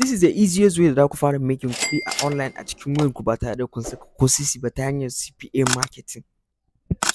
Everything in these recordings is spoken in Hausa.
This is the easiest way da ku fara making free a online a cikin wayarku ba tare da kun saka ko sisi ba ta hanyar CPA marketing.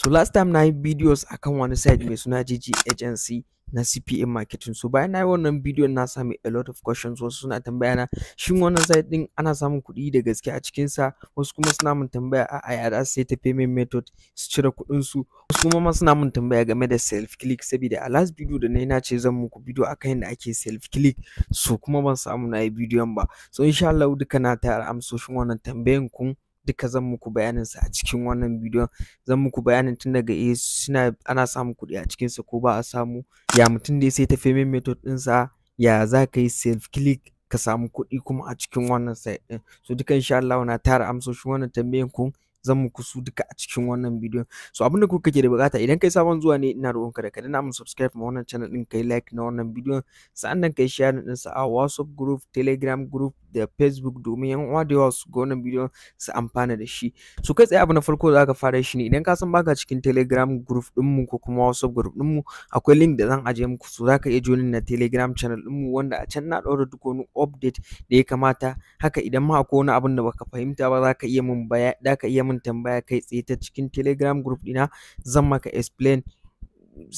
so last time na videos akan wani site mai suna GG agency na CPA marketing so bayan na yi wannan bidiyon na sami a lot of questions wasu suna tambaya na shin wannan site din ana samun kuɗi da gaske a cikin sa wasu kuma suna mun tambaya a a sai su ta payment method su cire kuɗin su wasu kuma ma suna mun tambaya game da self click saboda a last video da nayi na ce zan muku bidiyo akan yadda ake self click so kuma ban samu na yi bidiyon ba so insha Allah duka na tayar amsoshin wannan tambayan kun duka zan muku bayanin su a cikin wannan bidiyon zan muku bayanin tun daga eh suna ana samun kuɗi a cikin sa ko ba a samu ya mutum da ya sai ta payment method ɗin sa ya za ka yi self click ka samu kuɗi kuma a cikin wannan site ɗin so duka insha Allah na tara amsoshin wannan tambayan ku zan muku su duka a cikin wannan bidiyon so abin da kuka ke da bukata idan kai sabon zuwa ne ina roƙonka da ka dana mun subscribe ma wannan channel din kai like na wannan bidiyon ka kai share din sa a WhatsApp group Telegram group da Facebook domin yan uwa da yawa su ga wannan bidiyon su amfana da shi so kai tsaye abu na farko da zaka fara shi ne idan ka san baka cikin Telegram group din mu ko kuma WhatsApp group din mu akwai link da zan aje muku so zaka iya joinin na Telegram channel din mu wanda a can na ɗaura duk wani update da ya kamata haka idan ma akwai wani abin da baka fahimta ba zaka iya mun zaka iya mun tambaya kai tsaye ta cikin telegram group dina zan maka explain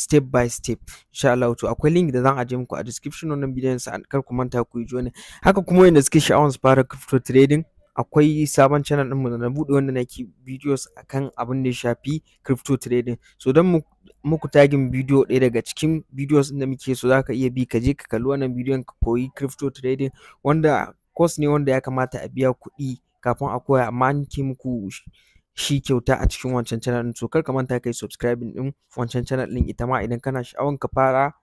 step by step insha Allah to akwai link da zan aje muku a description wannan bidiyon sa kar ku manta ku yi joni haka kuma wanda suke sha'awar su fara crypto trading akwai sabon channel mu da na buɗe wanda nake videos akan abin da ya shafi crypto trading so dan mu muku tagin video ɗaya daga cikin videos da muke so zaka iya bi ka je ka kalli wannan bidiyon ka koyi crypto trading wanda course ne wanda ya kamata a biya kuɗi kafin a koya amma an ke muku shi kyauta a cikin wancan channel ɗin to kar ka manta kai subscribing ɗin wancan channel din ita ma idan kana sha'awan ka fara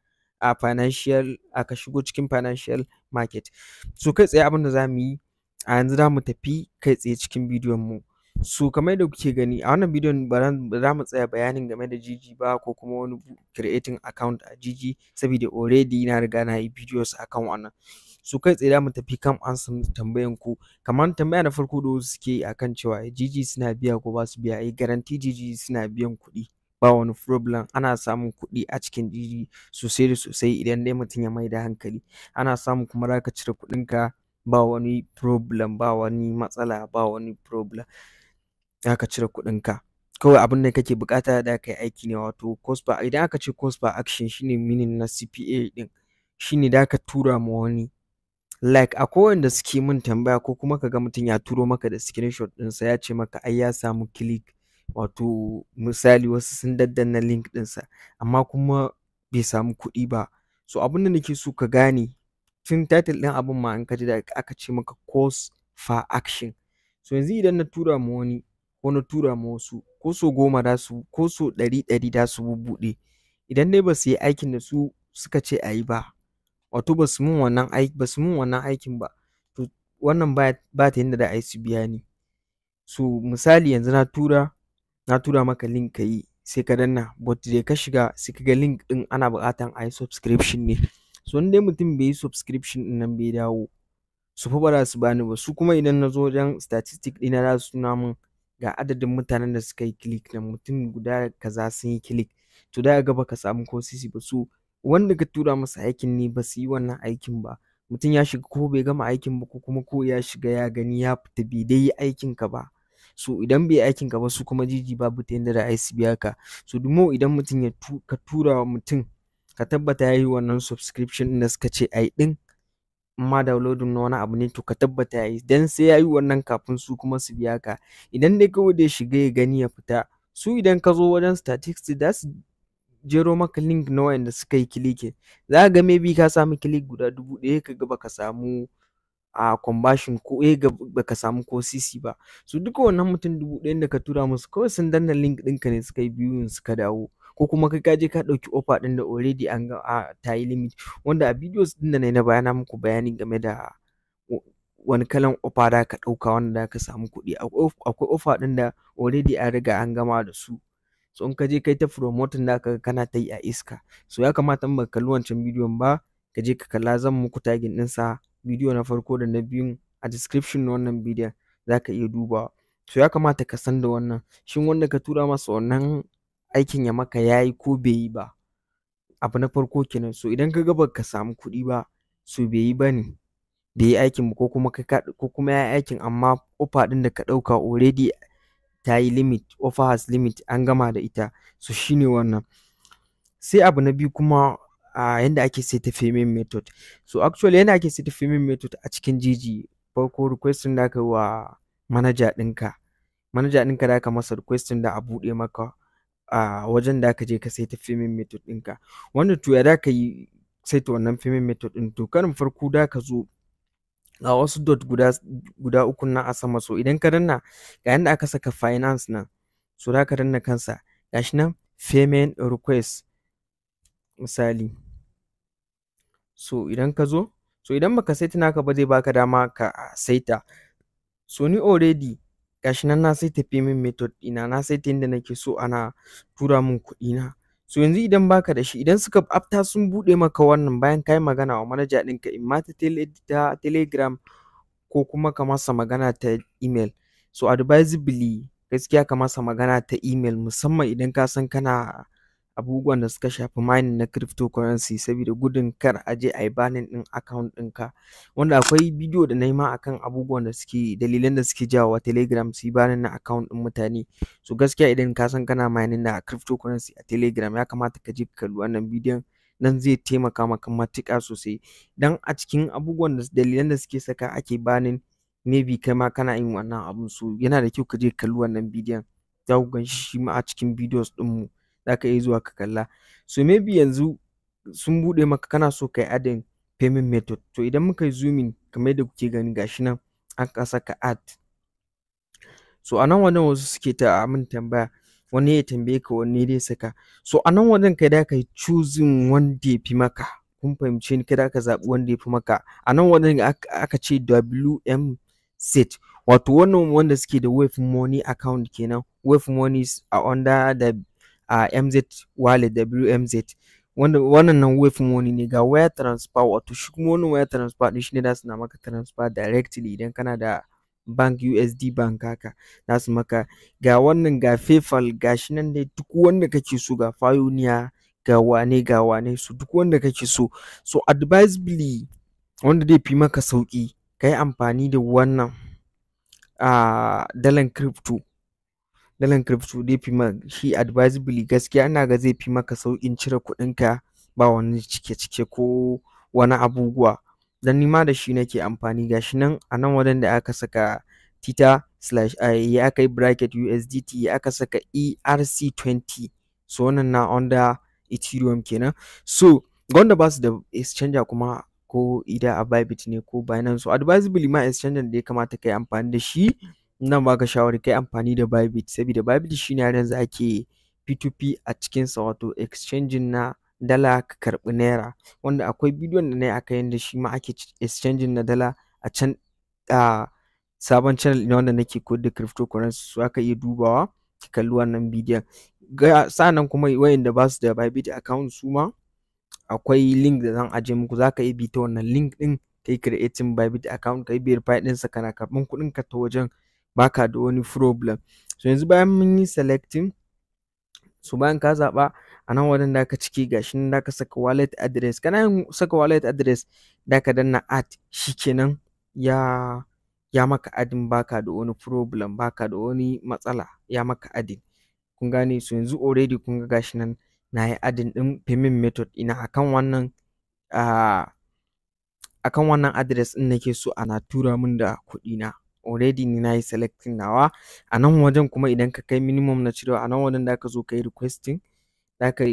a financial a ka shigo cikin financial market so kai tsaye abin da za mu yi a yanzu za mu tafi kai tsaye cikin bidiyon mu so kamar yadda kuke gani a wannan bidiyon ba za mu tsaya bayanin game da gg ba ko kuma wani creating account a gg saboda already na riga na yi videos akan wannan su kai tsaye mu tafi kan ansa tambayan ku kamar tambaya na farko da wasu suke yi akan cewa jiji eh, suna biya ko ba su biya eh garanti jiji suna biyan kuɗi ba wani problem ana samun kuɗi a cikin jiji sosai da sosai idan dai mutum ya mai da hankali ana samun kuma za ka cire kuɗinka ba wani problem ba wani matsala ba wani problem za ka cire kuɗinka kawai abin da kake bukata da ka yi aiki ne wato cost per idan aka ce cost per action shine meaning na CPA din shine da ka tura ma wani like akwai wanda suke mun tambaya ko kuma ka ga mutum ya turo maka da screenshot ɗinsa ya ce maka ai ya samu click wato misali wasu sun daddana link ɗinsa amma kuma bai samu kuɗi ba so abin da nake so ka gane tun title ɗin abin ma in ka ji da aka ce maka course for action so yanzu idan na tura ma wani ko na tura ma wasu ko so goma da su ko so ɗari ɗari da su bubbuɗe idan dai ba su yi aikin da su suka ce a yi ba wato ba su min wannan aiki ba su mun wannan aikin ba to wannan ba ta yanda da a yi su biya ni so misali yanzu na tura na tura maka link ka yi sai ka danna but da ka shiga sai ka ga link din ana buƙatan a yi subscription ne so in dai mutum bai yi subscription dinnan nan bai dawo su fa ba su bani ba su kuma idan na zo wajen statistic ɗina za su tuna min ga adadin mutanen da suka yi click nan mutum guda kaza sun yi click to da ga baka samu ko sisi ba su wanda ka tura masa aikin ne ba su yi wannan aikin ba mutum ya shiga ko bai gama aikin ba ko kuma ko ya shiga ya gani ya fita bai dai yi aikin ka ba so idan bai aikin ka ba su kuma jiji babu ta yadda da a yi su biya ka so dumo idan mutum ya ka tura wa mutum ka tabbata ya yi wannan subscription ɗin da suka ce ai ɗin ma downloading na wani abu ne to ka tabbata ya yi dan sai ya yi wannan kafin su kuma su biya ka idan dai kawai da shiga ya gani ya fita su idan ka zo wajen statistics za su jero maka link na wanda suka yi kilike za ka ga maybe ka samu click guda dubu ɗaya ka ga baka samu a conversion ko eh baka samu ko sisi ba su duka wannan mutum dubu ɗayan da ka tura musu kawai sun danna link ɗinka ne suka yi biyun suka dawo ko kuma kai je ka ɗauki offer ɗin da already an ga ta yi limit wanda a videos ɗin da na na bayana muku bayani game da wani kalan offer da ka ɗauka wanda za ka samu kuɗi akwai offer ɗin da already an riga an gama da su so in ka je kai ta promoting da ka kana ta yi a iska so ya kamata in baka kalli wancan bidiyon ba ka je ka kalla zan muku tagin ɗinsa bidiyo na farko da na biyun a description na wannan bidiyon za ka iya dubawa so ya kamata ka san da wannan shin wanda ka tura masa wannan aikin ya maka ya yi ko bai yi ba abu na farko kenan so idan ka ga baka samu kuɗi ba so bai yi ba ne bai yi aikin ba ko kuma ya yi aikin amma ofa ɗin da ka ɗauka already ta yi limit offer has limit an gama da ita so shine wannan sai abu na biyu kuma a yanda ake saita payment method so actually yanda ake saita payment method a cikin jiji farko requestin da aka yi wa manaja ɗinka manaja ɗinka da aka masa requestin da a buɗe maka a wajen da aka je ka saita payment method ɗinka wanda to ya da ka yi saita wannan payment method ɗin to karin farko da ka zo A wasu dot guda guda uku nan a sama so idan ka danna ga yanda aka saka finance nan so za ka danna kansa gashi nan payment request misali so idan ka zo so idan baka saita naka ba zai baka dama ka saita so ni already gashi nan na saita payment method Ina na saita inda nake so ana tura min kuɗi na so yanzu idan baka da shi idan suka after sun buɗe maka wannan bayan kayi magana wa manaja ɗinka in ma ta telegram ko kuma ka masa magana ta email so advisably gaskiya ka masa magana ta email musamman idan ka san kana abubuwan da suka shafi mining na cryptocurrency saboda gudun kar a je yi banning ɗin account ɗinka wanda akwai bidiyo da na yi ma akan abubuwan da suke dalilan da suke jawowa telegram yi banning na account ɗin mutane so gaskiya idan ka san kana mining na cryptocurrency a telegram ya kamata ka je ka kalli wannan bidiyon nan zai taimaka maka matuƙa sosai Dan a cikin abubuwan da dalilan da suke saka ake banning maybe kai ma kana yin wannan abun so yana da kyau ka je ka kalli wannan bidiyon za ku ganshi shi ma a cikin videos ɗinmu zaka ka iya zuwa ka kalla so maybe yanzu sun buɗe maka kana so ka yi adin payment method to idan muka yi zooming kamar yadda kuke gani gashi nan an ka saka add so a nan wasu suke ta min tambaya wani ya tambaye ka wanne dai saka so a nan wajen kai da kai yi choosing wanda ya fi maka kun fahimce ni kada ka zaɓi wanda ya fi maka a nan wajen aka ce wm set wato wannan wanda suke da wave money account kenan wave money is under the a mz wallet wmz wannan nan wave wani ne ga wire transfer wato shi kuma wannan wire transfer shi ne zasu na maka transfer directly idan kana da bank USD bank haka zasu maka ga wannan ga PayPal gashi nan dai duk wanda kake so ga Payoneer ga wane ga wane su duk wanda kake so so advisably wanda zai fi maka sauki ka yi amfani da wannan a dalan crypto dalan crypto dai fi ma shi advisably gaskiya ina ga zai fi maka sauƙin cire kuɗinka ba wani cike-cike ko wani abubuwa dan nima da shi nake amfani gashi nan a nan wajen da aka saka tita slash i eh, ya aka yi bracket USDT ya aka saka ERC20 so wannan na under Ethereum kenan so ga wanda ba da exchange kuma ko ida a Bybit ne ko Binance so advisably ma exchange da ya kamata ka yi amfani da shi nan baka shawarar kai amfani da Bybit saboda Bybit shine har yanzu ake P2P a cikin sa wato exchanging na dala ka karbi naira wanda akwai bidiyon da nayi akai yanda shi ma ake exchanging na dala a can a sabon channel ne wanda nake koyar da cryptocurrency so aka iya dubawa ki kalli wannan bidiyon sa'annan kuma wayanda basu da Bybit account su ma akwai link da zan aje muku zaka iya bi ta wannan link din kai creating Bybit account kai verify sa kana karbin kudin ka ta wajen baka da wani problem so yanzu bayan mun yi selecting so bayan ka zaɓa a nan wajen da ka ciki gashi nan da ka saka wallet address kana yin saka wallet address da ka danna add shikenan ya ya maka adin baka da wani problem baka da wani matsala ya maka adin kun gane so yanzu already kun ga gashi nan na yi adin din payment method ina akan wannan uh, akan wannan address ɗin nake so ana tura min da kuɗi na already ni na yi selecting nawa a nan wajen kuma idan ka kai minimum na cirewa a nan wajen da ka zo ka yi requesting zaka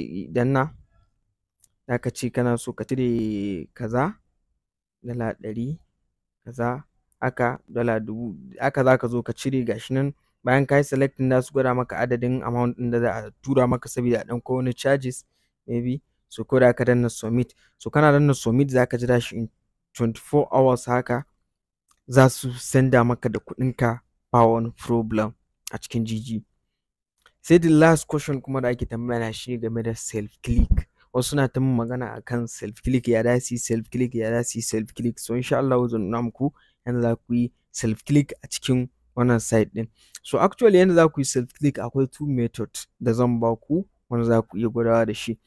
da ka ce kana so ka cire kaza dala ɗari kaza haka dala dubu haka ka zo ka cire gashi nan bayan ka yi selecting da su gwada maka adadin amount ɗin da za a tura maka saboda a ɗan ko wani charges maybe so ko da ka danna submit so kana danna submit za ka jira shi in 24 hours haka za su senda maka da kuɗinka ba wani problem a cikin GG. Sai the last question kuma da ake tambaya shi ne game da self-click. Wasu na ta magana a kan self-click ya da si self-click ya da si self-click. So insha Allah zan nuna muku yanda za ku yi self-click a cikin wannan site ɗin. So actually yanda za ku yi self-click akwai two methods da zan ba ku wanda za ku iya gwadawa da shi.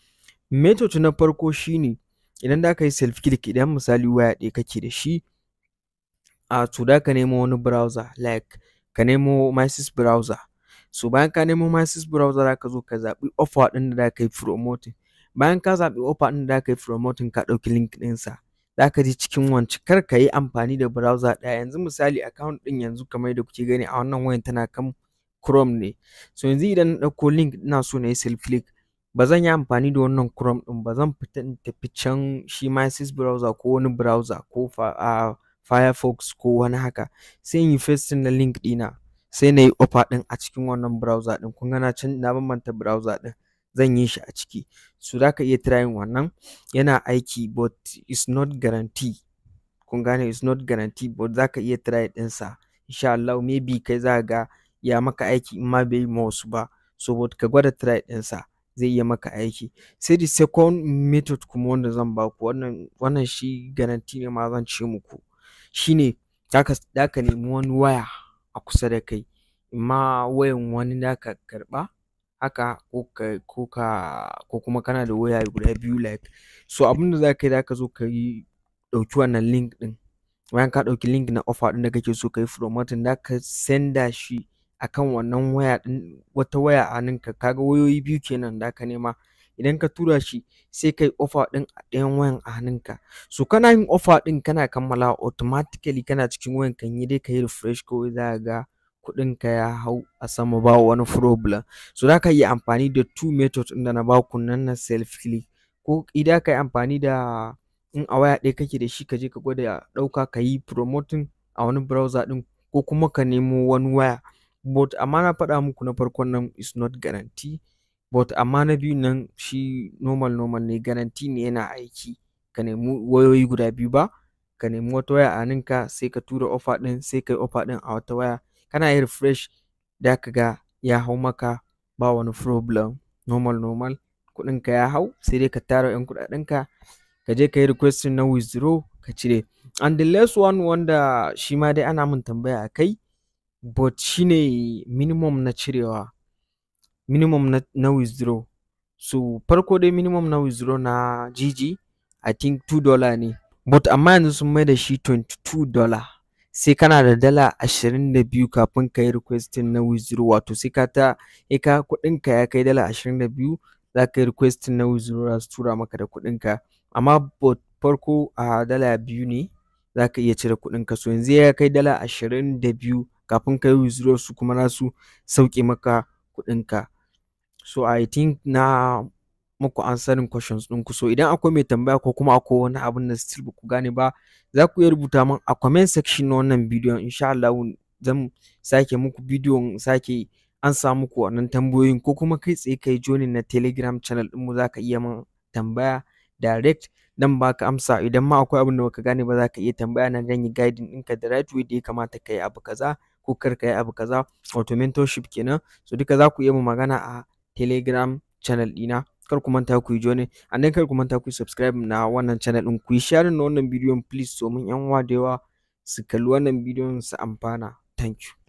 Method na farko shine idan da ka yi self-click idan misali waya ɗaya kake da shi a to da ka nemo wani browser like ka nemo mysis browser so bayan ka nemo mysis browser ka zo ka zaɓi offer ɗin da ka yi promoting bayan ka zaɓi offer ɗin da ka yi promoting ka ɗauki link ɗinsa ka ji cikin wancan kar ka yi amfani da browser ɗaya yanzu misali account ɗin yanzu kamar yadda kuke gani a wannan wayan tana kan chrome ne so yanzu idan na ɗauko link ina so na yi self click ba zan yi amfani da wannan chrome ɗin ba zan fita in tafi can shi mysis browser ko wani browser ko fa a Firefox ko wani haka sai in yi pasting na link ɗina sai na yi offer ɗin a cikin wannan browser ɗin kun ga na can na bambanta browser ɗin zan yi shi a ciki so za ka iya trying wannan yana aiki but it's not guarantee kun gane it's not guarantee but za ka iya try sa insha Allah maybe kai za ga ya maka aiki in ma bai yi ma wasu ba so but ka gwada try sa zai iya maka aiki sai the second method kuma wanda zan baku wannan wannan shi guarantee ne ma zan ce muku shine zaka nemi wani waya a kusa da kai imma wayan wani zaka karɓa haka ko ka ko ka ko kuma kana da waya guda biyu like so za ka yi zaka zo kayi ɗauki wannan link ɗin bayan ka ɗauki link na offer ɗin da kake so ka kayi promoting zaka senda shi akan wannan waya ɗin wata waya a hannunka kaga wayoyi biyu kenan da ka nema idan ka tura shi sai kai offer ɗin a ɗayan wayan a hannunka so kana yin offer ɗin kana kammalawa automatically kana cikin wayan kan yi dai ka yi refresh ko za ka ga kuɗin ka ya hau a sama ba wani problem so za ka yi amfani da two methods ɗin da na ba ku, nan na self click ko idan ka yi amfani da in a waya ɗaya kake da shi ka je ka gwada ɗauka ka yi promoting a wani browser din, ko kuma ka nemo wani waya but amma na faɗa muku na farkon nan is not guarantee but amma na biyu nan shi normal normal ne garanti ne yana aiki ka nemi wayoyi guda biyu ba ka nemi wata waya a ka sai ka tura ofa ɗin sai ka yi offer ɗin a wata waya kana yin refresh da ka ga ya hau maka ba wani problem normal normal ka ya hau sai dai ka tara 'yan kuɗaɗenka ka je ka yi requesting na withdraw ka cire and the last one wanda shi ma dai ana min tambaya a kai but shine minimum na cirewa minimum na, na withdraw so farko dai minimum na withdraw na GG I think two dollar ne but amma yanzu sun mai da shi 22 dollar sai kana da dala 22 kafin ka yi requesting na withdraw wato sai ka ta ka kudin ka ya kai dala 22 za ka yi requesting na withdraw za su tura maka da kudin ka amma but farko a dala biyu ne za ka iya cire kudin ka so yanzu ya kai dala 22 kafin ka yi withdraw su kuma na su sauke maka kudin ka so i think na muku answering questions ɗinku so idan akwai mai tambaya ko kuma akwai wani abin da still ku gane ba za ku iya rubuta min a comment section na wannan bidiyon insha Allah zan sake muku bidiyon sake an sa muku wannan tambayoyin ko kuma kai tsaye kai na telegram channel ɗinmu za ka iya min tambaya direct dan baka amsa idan ma akwai abin da baka gane ba za ka iya tambaya na zan yi guiding ɗinka da right way da ya kamata ka yi abu kaza ko kar ka yi abu kaza wato mentorship kenan so duka za ku iya mu magana a telegram channel ɗina kar ku manta ku yi ne and then kar ku manta ku subscribe na wannan channel ɗin ku yi na wannan bidiyon please domin yan uwa da yawa su kalli wannan bidiyon su amfana thank you